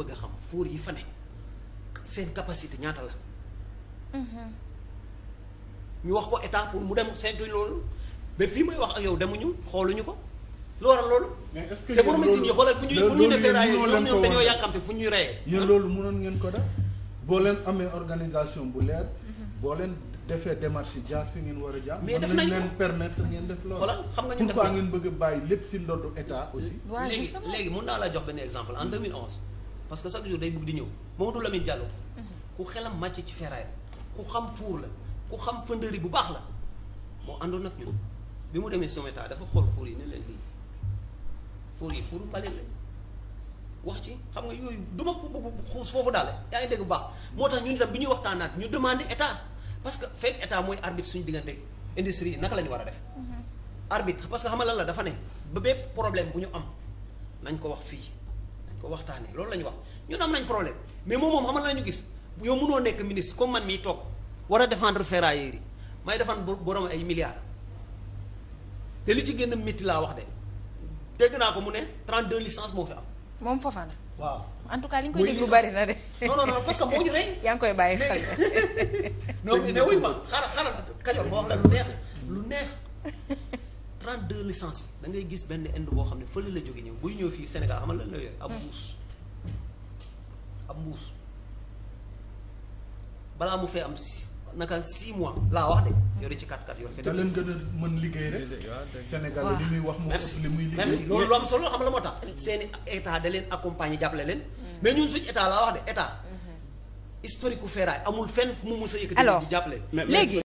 bëgg a xam fóor yi fa ne seen capacité ñaata la. Mm-hmm. ñu wax ko état pour mu dem saytu loolu ba fii may wax ak yow demuñu xooluñu ko lu waral loolu. te borom si ñu xoolal bu ñuy bu ñuy defee raay ñoom ñoom dañoo yàkkamte fu ñuy reyee. yéen loolu mënoon ko def boo leen amee organisation bu leer. Mm-hmm. boo leen defee démarche yi war a def nañ leen permettre ngeen def loolu. voilà a bàyyi lépp si ndoddu état aussi. waaw léegi léegi naa laa jox benn exemple en 2011. Mm-hmm. parce que chaque jour day bëgg di ñëw Mamadou Lamine Diallo ku xelam màcc ci ferraille ku xam fuur la ku xam fëndëri bu baax la moo àndoon ak ñun bi mu demee Sométa dafa xool fuur yi ne leen lii fuur yi fuuru mbalit la wax ci xam nga yooyu du ma bëgg xuus foofu daal yaa ngi dégg bu baax moo tax ñun itam bi ñuy waxtaanaat ñu demander état parce que fekk état mooy arbitre suñu diggante industrie yi naka la ñu war a def mhm. arbitre parce que xam nga la dafa ne ba bépp problème bu ñu am nañ ko wax fii ko waxtaan waxtaanee loolu la ñu wax ñu am nañ problème mais moom moom xamal la ñu gis yow mënoo nekk ministre comme man mii toog war a défendre ferrailleurs yi may défendre borom ay milliards te li ci gën a métti laa wax de dégg naa ko mu ne 32 licences moo fi am. moom Fofana. waaw en tout cas li ñu koy dégg lu bari na de. non non non parce que moo ñu rey. yaa ngi koy bàyyi xel. non mais ne wuy ma neex lu neex. 32 licences da ngay gis benn inde boo xam ne fële la jóge ñëw buy ñëw fii Sénégal xamal lan la yooyu ab mbuus ab mbuus balaa mu fee am si naka si mois laa wax de yore ci 4-4 yore. da leen gën a mën liggéey rek. Sénégal li muy wax moo ëpp li muy loolu am solo xam la moo tax. seen état da leen accompagner jàppale leen. Mm. mais ñun suñu état laa wax de état. Mm-hmm. historique ku feeraay amul fenn mu mos yëkkati. alors léegi jàppale.